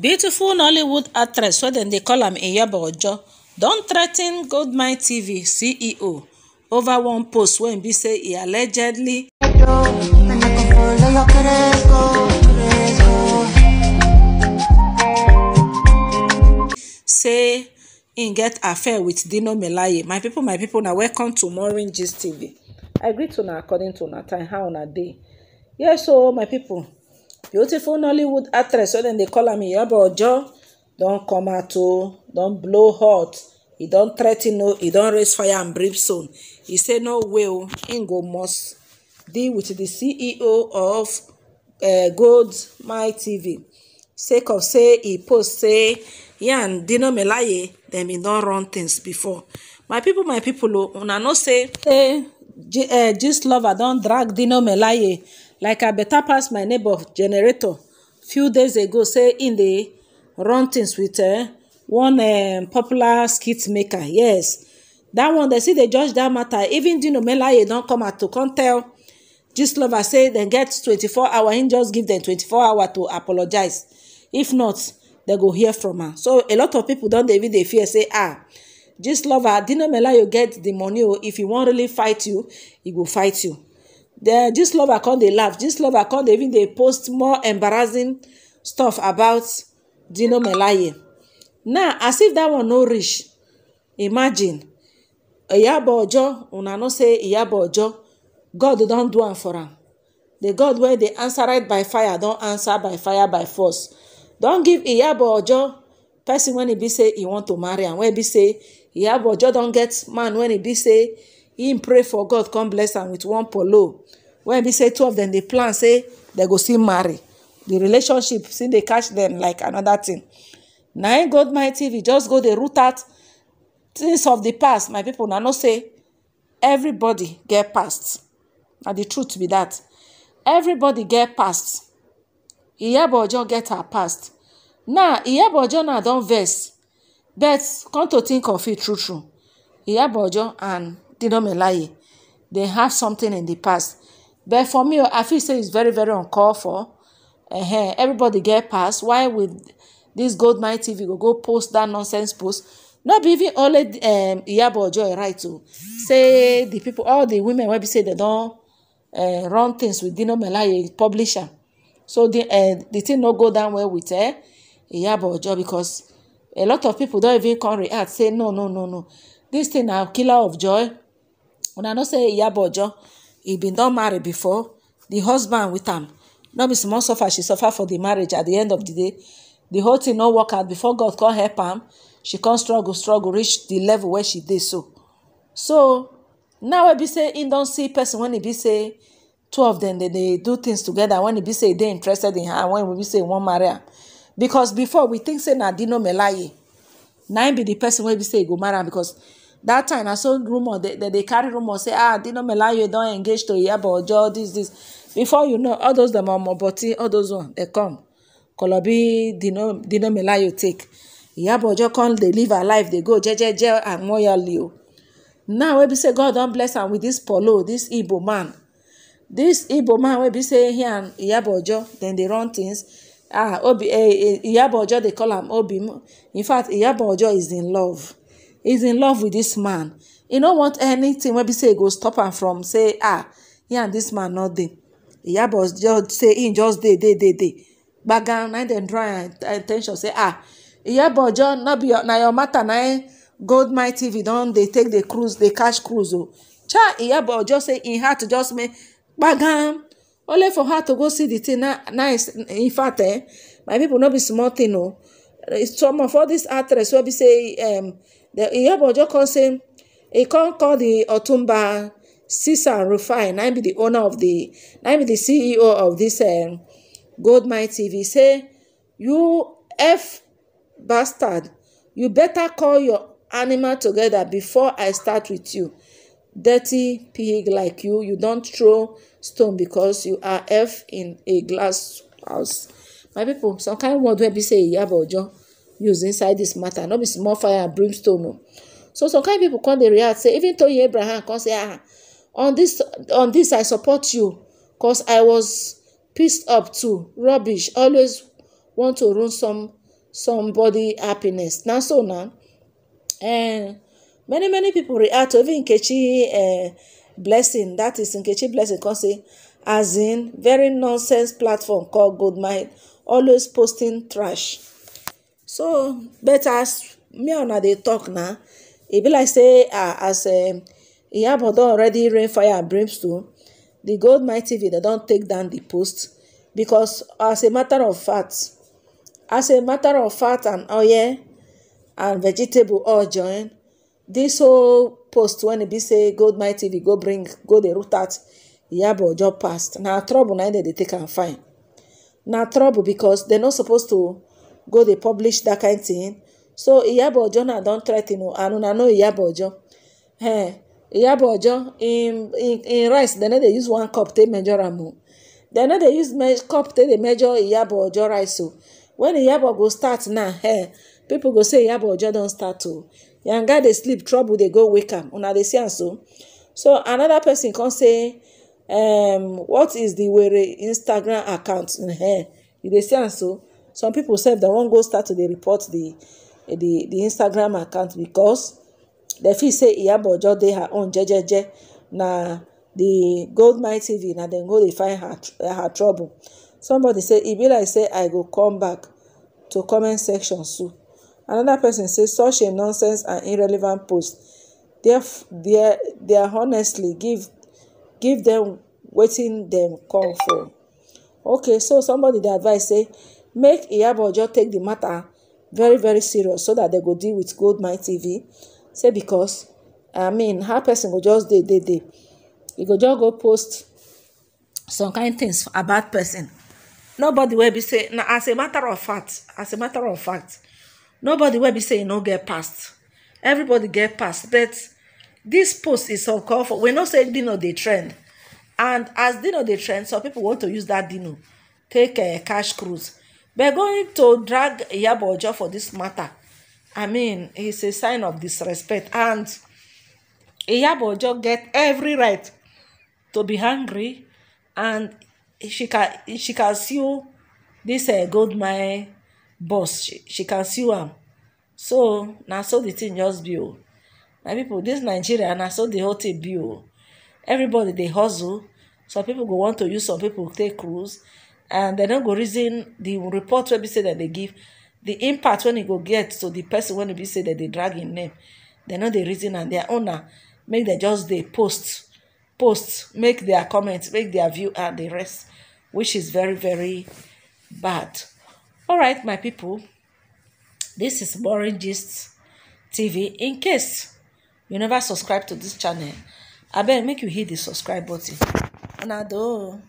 beautiful nollywood actress wey dem dey call am iyabo ojo don threa ten goldmine tv ceo over one post wey be say e allegedly say im get affair wit dino melaye my pipo my pipo na welcome to Morning gist tv i greet una according to una time how una dey yes oh my pipo beautiful nollywood actress wey dem dey call am iyabo ojo don come out o don blow hot e don threa ten o e don raise fire and soon. e say no way o im go must deal with di ceo of Gold eh, goldmine tv sake of say e post say yan and dino melaye dem bin don run things before my pipo my pipo una know say eh, eh, gist lover don drag dino melaye like i better pass my neighbor generator few days ago say im dey run things with uh, one um, popular skit maker yes that one dem still dey judge that matter even dino melaye don come out to come tell gist lover say dem get twenty four hour im just give dem four hour to apologize. if not dem go hear from am so a lot of people don dey even dey fear say ah gist lover dino melaye get the money o oh. if he wan really fight you he go fight you den dis lover come dey laugh This lover come dey even dey post more embarrassing stuff about dino melaye now as if that one no reach imagine iyabo ojo una know say iyabo ojo god don do am for am the god wey dey answer right by fire don answer by fire by force don give iyabo ojo person wen e be say e want to marry am wey e be say iyabo ojo don get man wen e be say him pray for god come bless am with one polo when be say two of them, dey plan say they go still marry The relationship still dey catch them like another thing. na im god my tv just go dey root out things of the past my people. na know say everybody get past na the truth be that everybody get past iyabo ojo get her past now iyabo ojo na don vex but come to think of it true true iyabo ojo and Dinomelai, they have something in the past. But for me, I feel say it's very, very uncalled for. Uh-huh. Everybody get past. Why would this gold Goldmine TV go, go post that nonsense post? Not be even only um, Iyabo Ojo right to oh. say the people, all the women wey be say they don uh, run things with Dino Melaye publisher. So the uh, the thing no go down well with uh, Iyabo Ojo because a lot of people don even come react say no no no no this thing na killer of joy una know say iyabo ojo e bin don marry before the husband with am no be small suffer she suffer for the marriage at the end of the day the whole thing no work out before god come help am she come struggle struggle reach the level where she dey so so now wey be say im don see person wen e be say two of dem dey do things together When e be say e dey interested in her when e be say e wan marry am because before we think say na dino melaye na im be the person wey be say e go marry am because That time na so rumour dem dey carry rumour say ah dino melayo don engage to iyabo ojo dis dis before you know all those dem omoboti all those one dey come kolobi dino dino melayo take iyabo ojo come dey live her life dey go jejeje and royally o oh. now wey be say god don bless am with this polo this igbo man this igbo man wey be say he and iyabo ojo dem dey run things ah obi eh, eh, iyabo ojo dey call am obi in fact iyabo ojo is in love is in love with this man He no want anything. wey be say e go stop am from say ah he and this man not dey iyabo just say him just dey dey dey dey gbagan na dem draw im ten tion say ah iyabo na your matter na gold mine tv don dey take dey cruise dey catch cruise o cha iyabo just say im heart just me. gbagan only for her to go see the thing di tin is in fact eh my people no be small thing o some of all these actress wey be say um, The Ojo come say e come call the Otumba Sisan Rufai na be the owner of the na be the CEO of this um, gold mine TV say you F bastard you better call your animal together before I start with you dirty pig like you you don't throw stone because you are F in a glass house my people some kind word wey be say Iyabo Ojo use inside this matter no be small fire and brimstone o oh. so some kind people come dey react say even toye abraham come say ah on this, on this, i support you cos i was pissed up too rubbish always want to ruin some somebody happiness na so na uh, eh, many many people react to even nkechi eh, blessing that is nkechi blessing come say as in very nonsense platform called goldmine always posting trash so but as me and I dey talk now e be like say ah, as um, iyabo don already rain fire and brimstone the gold mine tv dem don take down the post because as a matter of fact as a matter of fact and oil oh and vegetable all join this whole post when e be say gold mine tv go bring go dey root out iyabo ojo past na trouble na im dem dey take am fine na trouble because dem no suppose to go dey publish dat kain thing, so iyabo ojo na don threa ten o and una know iyabo ojo eh iyabo ojo im im rice dem no dey use one cup take measure am o dem no dey use cup take dey measure iyabo ojo rice o wen iyabo go start now eh people go say iyabo ojo don start o yanga dey sleep trouble dey go wake am una dey see am so so another person come say um what is the were instagram account eh you dey see am so some people say they won't go start to dey report the the the instagram account because they feel say iyabo ojo dey her own jejeje na the gold mine tv na dem go dey find her her trouble somebody say e be like say i go come back to comment section soon another person say such a nonsense and irrelevant post Their their their honestly give give them wetin dem come for okay so somebody dey advise say make Iyabo Ojo take the matter very very serious so that they go deal with gold mine tv say because i mean how person go just dey dey dey e go just go post some kind things about person nobody wey be say na as a matter of fact as a matter of fact nobody wey be say e no get past everybody get past but this post is uncalled for we know say dino dey trend and as dino dey trend some people want to use that dino take eh, cash cruise But going to drag Yabojo for this matter, I mean, it's a sign of disrespect. And Yabojo get every right to be hungry and she can she can sue this uh, gold mine boss. She, she can sue him. So now, so the thing just be oh. My people, this Nigeria now so the whole thing be oh. Everybody they hustle. Some people go want to use some people take cruise and they don't go reason the report wey be said that they give the impact when you e go get to the person when e be said that they drag in name they know the reason and their owner make they just they post post make their comments make their view and the rest which is very very bad all right my people this is boring gist tv in case you never subscribe to this channel I abeg make you hit the subscribe button I do.